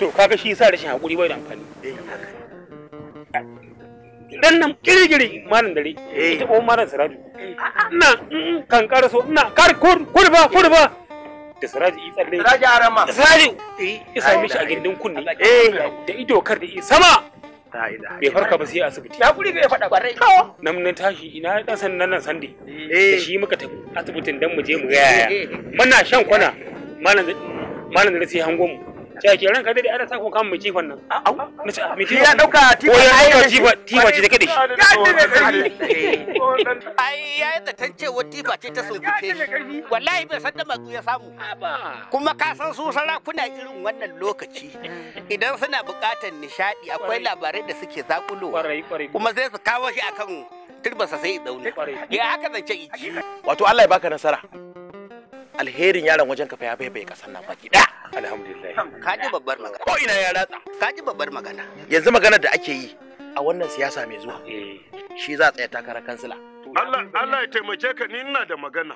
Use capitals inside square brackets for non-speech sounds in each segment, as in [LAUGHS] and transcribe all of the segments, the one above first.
to kaga shi yasa rashin hakuri bai da amfani dan nan kirigiri malam dare eh. ita ko malam siraju ina kan karaso ina kar kurba kurba da Siraju yi tsalle siraji arama siraji isa eh. mishi a gindin kunne eh. da ido kar da sama bai farka ba sai asibiti ya kuri bai faɗa kwarai kawo nan nan tashi ina dan sannan nan sande da shi muka tafi asibitin dan mu je mu ga yaya muna shan kwana malam malam da sai hangon mu Cewa ke ranka dai ana sa kun kama mai jifan nan. Au, mai jifan. Ya dauka tifan ai yau jifa tifa ce take da shi. Ya ji ne karfi. Ai ya yi da tancewa tifa ce ta sunkuce shi. Wallahi bai san da mazu ya samu. Kuma ka san su sarakuna irin wannan lokaci. Idan suna buƙatar nishadi, akwai labarai da suke zakulowa. Kuma sai su kawo shi akan turbansa sai ya zauna. Ya haka zance iki. Wato Allah ya baka nasara. alherin yaron wajen ka ya bai bai kasan nan baki da alhamdulillah ka ji babbar magana ko ina ya ratsa ka ji babbar magana yanzu magana da ake yi a wannan siyasa mai zuwa eh. shi za a tsaya takarar kansila Allah ya taimake ka ni ina da magana.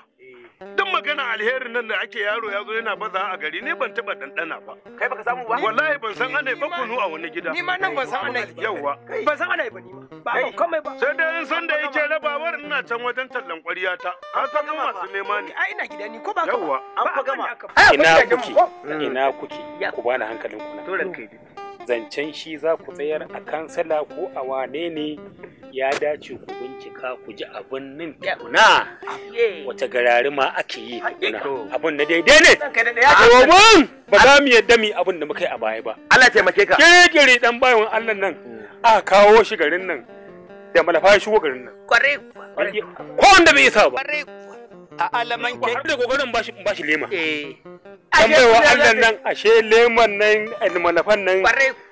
Duk magana alherin nan da ake yaro ya zo yana baza a gari ne ban taba dandana ba. Kai baka samu ba? Wallahi ban san ana ba kunu a wani gida. Ni ma nan ban san ba. Yawwa. Ban san ana ba ni ma. Ba komai ba. Sai dai in san da yake rabawar ina can wajen tallan ƙwariya ta. An san masu nema ne. Ai ina gida ni ko ba ka. Yawwa. An fa gama. Ina kuke? Ina kuke? Ku bani hankalin ku na. Zancen shi za ku tsayar a kansala ko a wane ne ya dace ku bincika ku ji abin nin tukuna wata gararuma ake yi tukuna abin da daidai ne domin ba za mu yadda mu abin da muka yi a baya ba Allah taimake ka kirkire dan bayan Allah nan hmm. a kawo shi garin nan da malafa shi garin nan kware ko wanda bai isa ba a alaman ke da gogonin ba shi lema eh an baiwa Allah nan ashe leman nan eh, malafan nan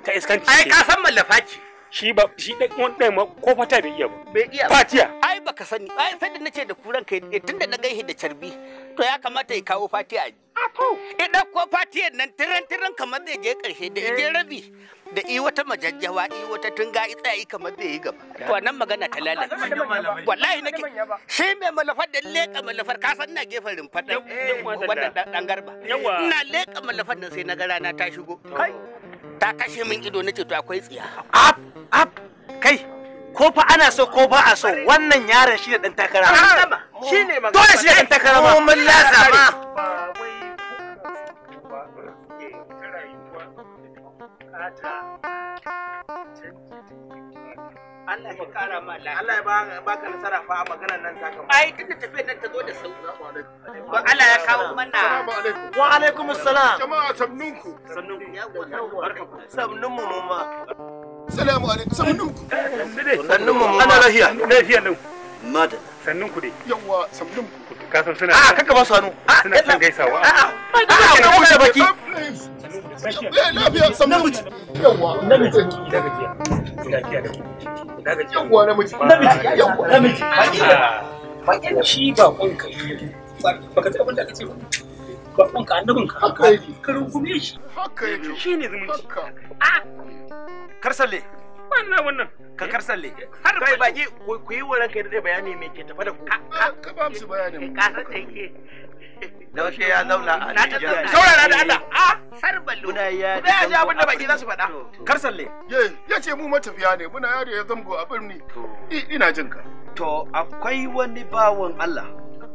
ta iskanci ai ka san malafa ce shi ba shi da wani ɗaya ma ko fata bai iya ba bai iya fatiya ai baka sani ai sai da nace da kuran kai tunda na gaihi da carbi to ya kamata ya kawo fatiya a to idan ko fatiya nan tiran tiran kamar zai je karshe da je rabi da i wata majajjawa i wata tunga i tsayi kamar zai yi gaba to nan magana ta lalace wallahi nake shi mai malafar da leka malafar ka san na gefen rumfar wannan dan garba ina leka malafar nan sai na ga rana ta shigo kai ta kashe min ido na ce to akwai tsiya ab ab kai ko fa ana so ko ba a so wannan yaron shi ne dan takara shi ne dole shi ne dan takara ba mun lasa ba Thank you. Allah ya kara ma lafiya. Allah ya baka nasara fa a maganar nan ta kama. Ai tunda tafiyar nan ta zo da sauki. ya kawo mana. Wa alaikum assalam. Jama'a mu ma. alaikum. mu ma. Ana lafiya. Lafiya nan. dai. Yawwa ka san suna a ah, kaka ba su hannu ah, suna son gaisawa a a ka ba da baki lafiya ah. wannan wannan ka eh? karsalle har kai baki ku yi wurin kai da bayani me ke tafa da ka ba su bayani ka san da yake ya zauna a Nijar. Saurara da Allah. Ah, ya abin da baki za su faɗa. Karsalle. Ye, ya ce mu matafiya ne, muna yare ya zango a birni. Ina jin ka. To, akwai wani bawan Allah.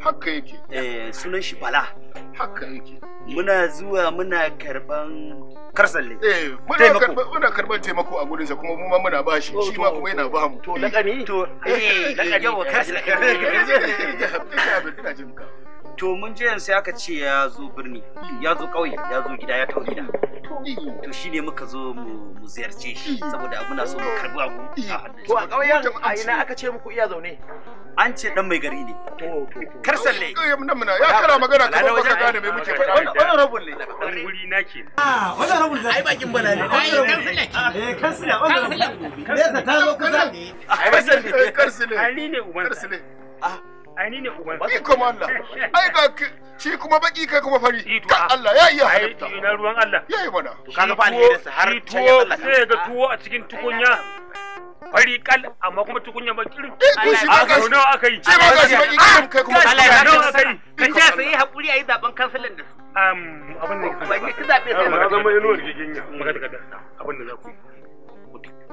Haka yake. Eh, sunan shi Bala. Haka yake. muna zuwa muna karban karsalle muna karban taimako a gurinsa kuma mu ma muna bashi shi ma kuma yana ba mu to lakani to eh lakani yawa karsalle to mun je yanzu aka ce ya zo birni ya zo ƙauye ya zo gida ya taho gida to shi ne muka zo mu ziyarce shi saboda muna so mu karbi abu to a ƙauyen a ina aka ce muku iya zaune an ce dan mai gari ne kar salle ya kara magana ka ba ka gane me muke wannan rabun ne dan wuri na ke ah wannan rabun ne ai bakin bala ne ai kan salle ah. eh kan salle wannan ne. salle ta zo kusa ai kan salle ai ne uban kan salle ah ai ni ne kuma Allah ai ga shi kuma baki kai kuma fari kan Allah ya iya halitta ai ina ruwan Allah ya yi mana to kaga fa alherin har tuwo sai ga tuwo a cikin tukunya fari kal amma kuma tukunya ba kirin eh, a ga nawa aka yi sai ba ga shi baki kirin kai kuma Allah ya nawa aka yi ka ce sai hakuri ayi zaben kansalan da su abin ka zabe sai zama magana abin da za ku yi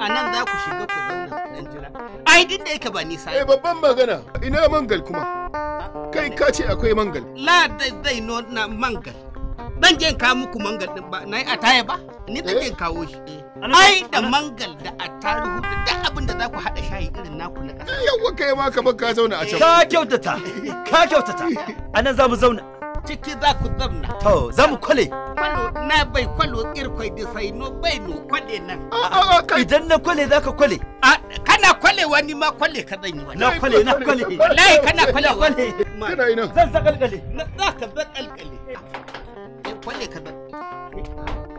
a nan za ku shiga ku zanna nan jira ai duk da yake ba nisa eh babban magana ina mangal kuma kai ka ce akwai mangal la dai dai no na mangal dan je ka muku mangal din ba nayi ataya ba ni da je eh? kawo shi eh. ai da mangal da attaruhu da duk abin da za ku haɗa shayi irin naku na ƙasa yawa kai ma kamar ka zauna a can ka kyautata ka kyautata A nan za mu zauna ciki za ku zamna. To, za mu kwale. Kwalo na bai kwalo irkwai da sai no bai no kwale nan. Idan na kwale za ka kwale. Kana kwale wani ma kwale ka zan yi wani. Na kwale na kwale. Wallahi kana kwale wani. Kana ina. Zan zakalkale. Za ka zakalkale. Eh, kwale ka zan.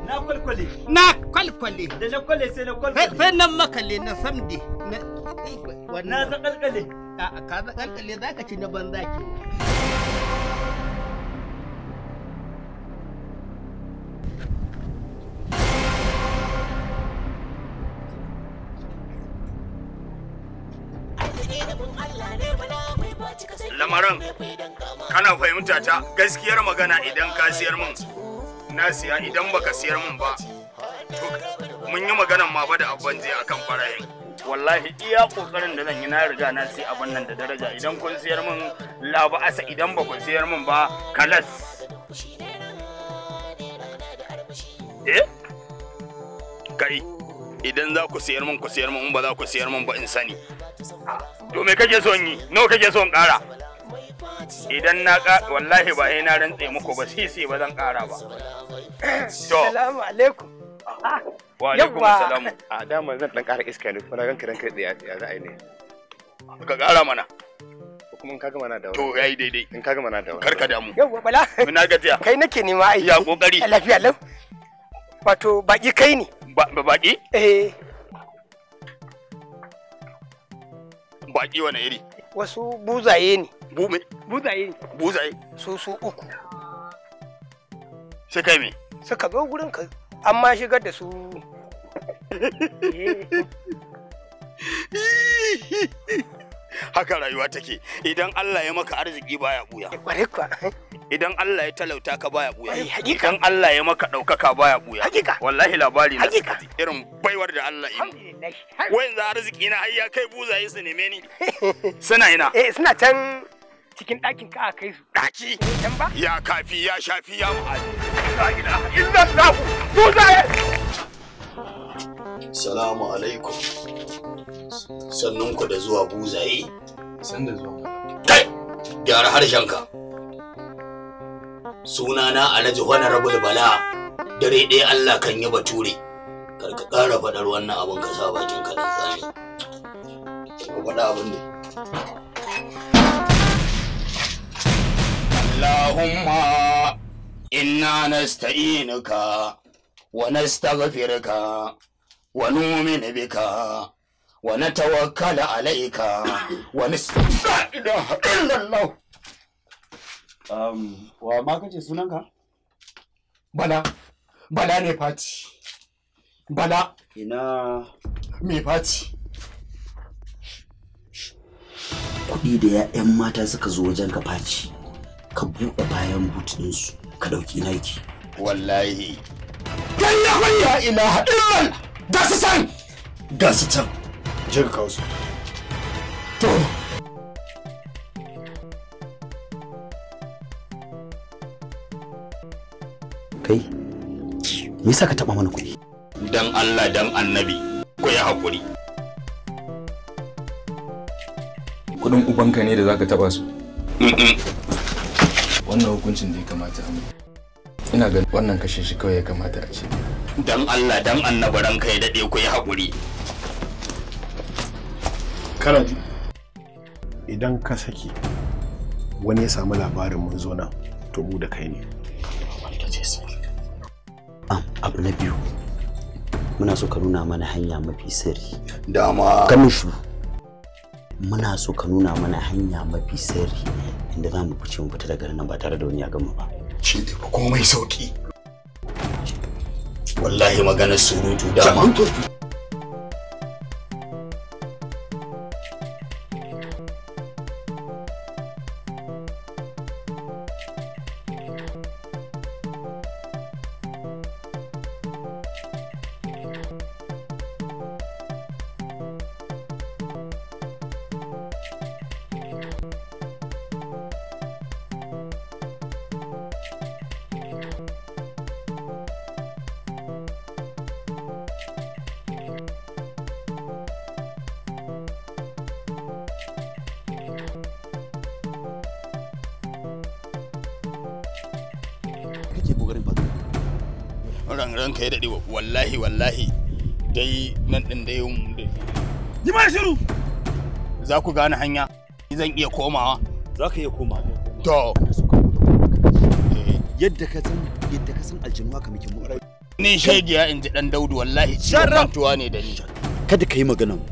Na kwalkwale. Na kwalkwale. Da na kwale sai na kwalkwale. Sai nan makale na samde. Na zakalkale. A'a ka zakalkale za ka ci na banza ke. kamaran kana fahimta ta gaskiyar magana idan ka siyar min na siya idan baka siyar min ba to mun yi maganan ma ba da abban je akan farayin wallahi iya kokarin da zan yi na riga na sai abin nan da daraja idan kun siyar min labu asa idan ba kun siyar min ba kalas eh? kai idan za ku siyar min ku siyar min ba za ku siyar min ba in sani ah, to me kake son yi nawa kake son ƙara idan na ka wallahi ba na rantse muku ba sisi ba zan kara ba [COUGHS] to assalamu alaikum ah, wa alaikum assalam a dama zan dan kara iska ne kuma ranka ranka da ya za a ne ka kara mana kuma in ka gama na dawo to yayi daidai in ka gama na Kar karka damu Yau bala ina gajiya kai nake nema ai ya kokari lafiya lau wato baki kai ne ba baki eh baki wani iri wasu buzaye ne bume buzaye buzaye So so uku sai kai me ka zo gurin ka An ma shigar da su [LAUGHS] haka rayuwa take idan Allah ya maka arziki baya buya eh, idan Allah ya talauta ka baya buya idan Allah ya maka ɗaukaka baya buya wallahi labari na suka ji irin baiwar da Allah yi wayan za arziki na ayya ya kai buzaye su neme ni suna ina eh suna can cikin ɗakin ka a kai su ɗaki can ba ya kafi ya shafi ya mu'ali la ilaha illallah ku zai salamu alaikum sannun ku da zuwa buzaye san da zuwa kai gyara harshenka sunana alhaji honorable bala dare ɗaya allah kan yi bature kar ka ƙara faɗar wannan abin ka sa bakin ka da zane ka faɗa abin ne اللهم إنا نستعينك ونستغفرك ونؤمن بك ونتوكل عليك ونستغفرك إلا الله وما كنت سننك بلا بلا Bala بلا إنا Bala. Ina. Me faci. Kuɗi da 'ya'yan mata suka zo wajen ka faci. ka buɗe bayan butuninsu ka ɗauki naki. Wallahi. Galla kwanya ina haɗin da gasu can! Gasu can. Jin kawo To, kai me yasa ka taɓa mana kuɗi dan Allah dan annabi ko ya hakuri kuɗin ubanka ne da za ka taɓa su wannan hukuncin da ya kamata a ina ganin wannan kashe shi kawai ya kamata a ce dan Allah dan annabi ranka ya dade ku yi hakuri karaji idan ka saki wani ya samu labarin mun zo nan to mu da kai ne abu na biyu muna so ka nuna mana hanya mafi sirri dama kamishu muna so ka nuna mana hanya mafi sirri inda za mu fice mu fita daga nan ba tare da wani ya gama ba shi ne ba komai sauki wallahi maganar surutu da gurin fa ran ka ya dade wallahi wallahi dai nan din dai yi ma shiru za ku gane hanya zan iya komawa za ka iya komawa to eh, yadda ka san yadda ka san aljanu ka muke mu ni shegiya in ji dan daudu wallahi ciwon mantuwa ne da ni kada ka yi magana mu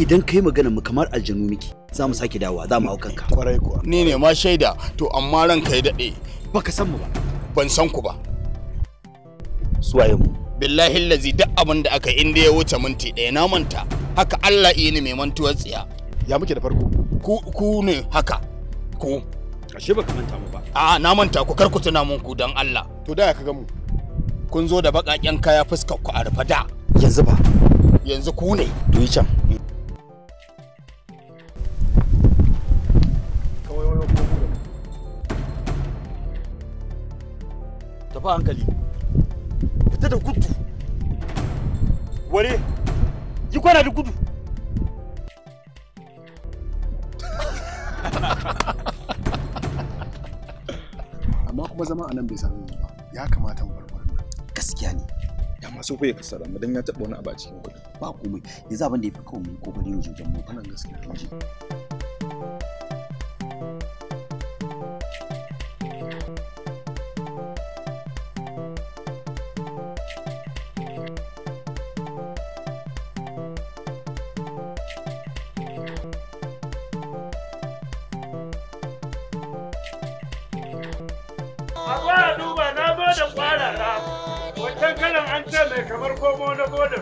idan kai magana mu kamar aljanu miki za mu sake dawowa za mu hau kanka kwarai kuwa ni ne ma shaida to amma ran kai ya dade baka san mu ba ban san ku ba suwaye mu billahi lazi duk abin da aka inda ya wuce minti ɗaya na manta haka Allah ni mai mantuwar tsiya ya muke da farko ku ku ne haka ku ashe baka manta mu ba a na manta ku kar ku tuna mun ku dan Allah to da ka ga mu kun zo da baƙaƙen kaya fuskar ku a rufe da yanzu ba yanzu ku ne to yi can tafi hankali fita da gudu ware yi kwana da gudu amma kuma zama a nan bai sami ba ya kamata mu barbar nan gaskiya ne ya masu ya kasa da madan ya taɓa wani abu a cikin kuɗi ba komai ya zaɓa da ya fi kawo mai mu kokari mu je jan mu gaskiya an ce mai kamar komo na gode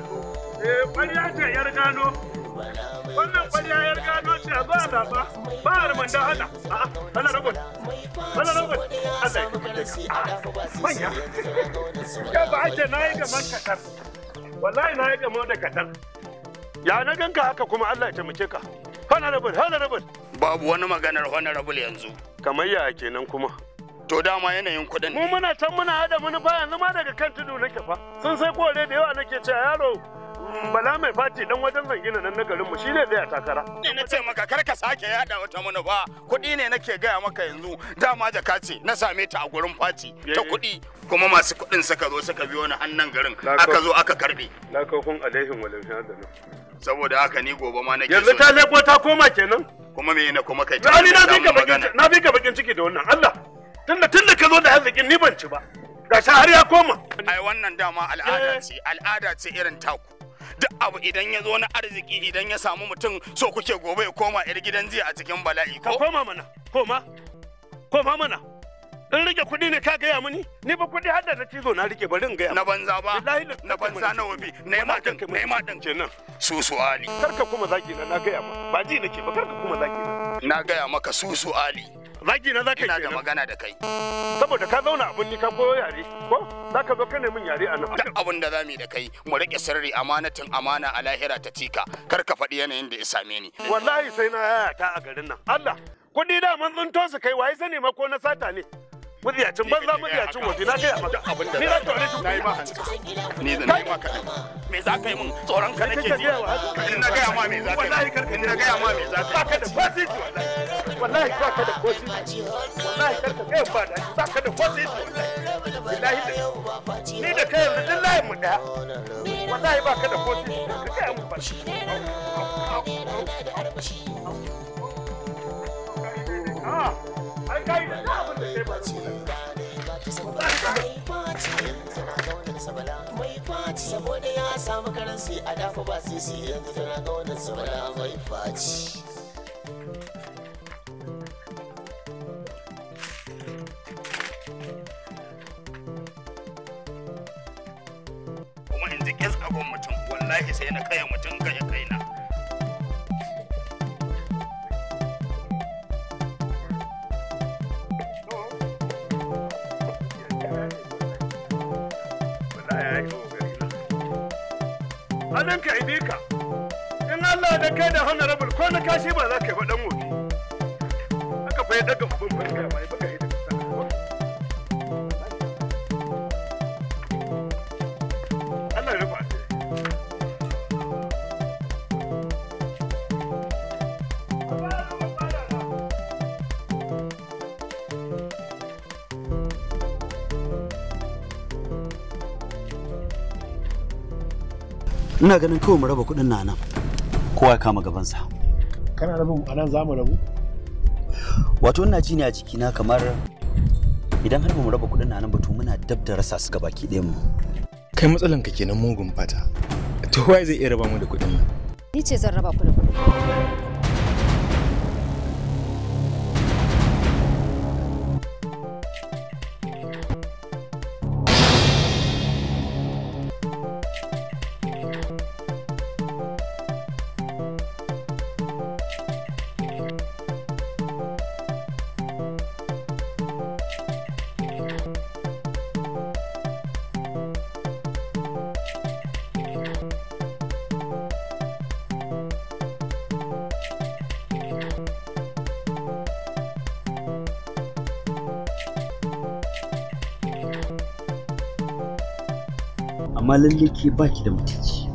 eh kwariya ce yar gano wannan kwariya yar gano ce a zuwa da ba ba a rumun da hana a hana rukun hana rukun Allah ya kuke manya ka ba ake na yi gaban katar wallahi na yi gaban da katar ya na ganka haka kuma Allah ya taimake ka honorable honorable babu wani maganar honorable yanzu kamar ya kenan kuma To dama yanayin kuɗin. Mu muna can muna hada muni ba yanzu ma daga kan tudu nake fa. Sun sai kore da yawa nake cewa yaro bala mai fati dan wajen zangina nan na garinmu shi ne zai takara. Ne na ce maka kar ka sake yada wata muni ba kuɗi ne nake gaya maka yanzu dama jaka ce na same ta a gurin fati eh, ta eh. kuɗi kuma masu kuɗin suka zo suka biyo ni hannun garin aka zo aka karbe. Na kofin alaihim walafiyar da Saboda haka ni gobe ma nake Yanzu ta lebo ta koma kenan. Kuma me na kuma kai ta. Na bi ka bakin ciki da wannan Allah. tunda tunda ka zo da arzikin ni ban ci ba sha har ya koma ai wannan dama al'ada ce al'ada ce irin taku duk abu idan ya zo na arziki idan ya samu mutum so kuke gobe ya koma yar gidan jiya a cikin bala'i ko koma mana koma koma mana in rike kuɗi ne ka gaya mini ni ba kuɗi har da ta cizo na rike bari in gaya na banza ba na banza na wabi na yi maɗin na yi maɗin kenan susu ali karka kuma zaki na na gaya ma ba ji nake ba karka kuma zaki na na gaya maka susu ali Zagi na zaka Ina da magana da kai. Saboda ka zauna abin ni ka koyo yare, ko? Zaka zo ka nemi yare a nan. Duk abin da zamu yi da kai, mu rike sirri amanatin amana a lahira ta cika. Kar ka faɗi yanayin da ya same ni. Wallahi sai na yaya ta a garin nan. Allah, kuɗi da mun tsinto su kai waye sani ma ko na sata ne. Muryacin banza muryacin waje na gaya maka. Ni na tore shi. Na yi ma hankali. Ni zan yi maka. Me za ka yi min tsoron ka nake ji? Ina na ya ma me za ka yi. Wallahi ka ni na gaya ma me za ka yi. Ka da fasiti wallahi. wallahi ba ka da kosi wallahi kar ka kai ba da ba ka da kosi wallahi da ni da kai yanzu duk layin mu da wallahi ba ka da kosi ka kai mu ba ah, ai kai da abin da kai ba mai faci saboda ya samu karansi a dafa ba sisi yanzu tana ga wannan sabala mai faci wallahi sai na kai mutum kashe kaina Hannunka ibe ka, in Allah da kai da honorable ko na kashi ba za ka yi ba ɗan wofi. Haka fa ya daga uban ba mai baka ina ganin kawai mu raba kuɗin na nan kowa ya kama gabansa kana rabin a nan za mu rabu wato ina ji ne a jikina kamar idan har ba mu raba kuɗin na nan ba to muna dab da rasa su gabaki ɗaya mu kai matsalan ka kenan mugun fata to wai zai iya raba mu da kuɗin nan ni ce zan raba ku da kuɗin amma lalle ke ba ki da mutunci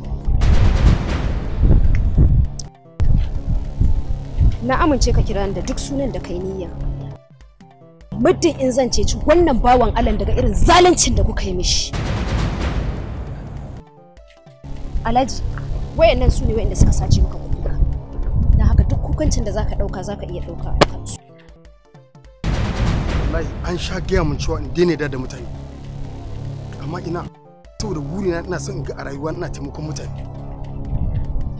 na amince ka kira da duk sunan da kai niyya muddin in zan ceci wannan bawan Allah daga irin zaluncin da kuka yi mishi Alhaji wayannan su ne wayanda suka sace maka kuka dan haka duk kukancin da zaka dauka zaka iya dauka a kansu wallahi an sha gaya mun cewa in daina da mutane amma ina da buri na ina son ga a rayuwa ina taimakon mutane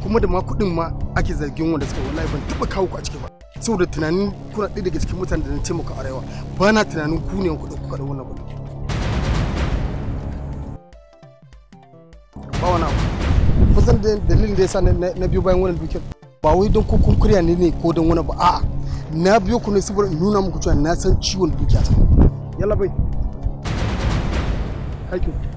kuma da ma kuɗin ma ake zargin wanda suka wallahi ban taɓa kawo ku a ciki ba saboda tunanin kuna ɗaya daga cikin mutanen da na taimaka a rayuwa ba na tunanin ku ne kuɗin kuka da wannan kuɗin ba wani abu kusan dalilin da yasa na biyo bayan wannan dukiyar ba wai don ko kun ne ne ko don wani ba a'a na biyo ku ne saboda in nuna muku cewa na san ciwon dukiya ta yalla bai Thank you.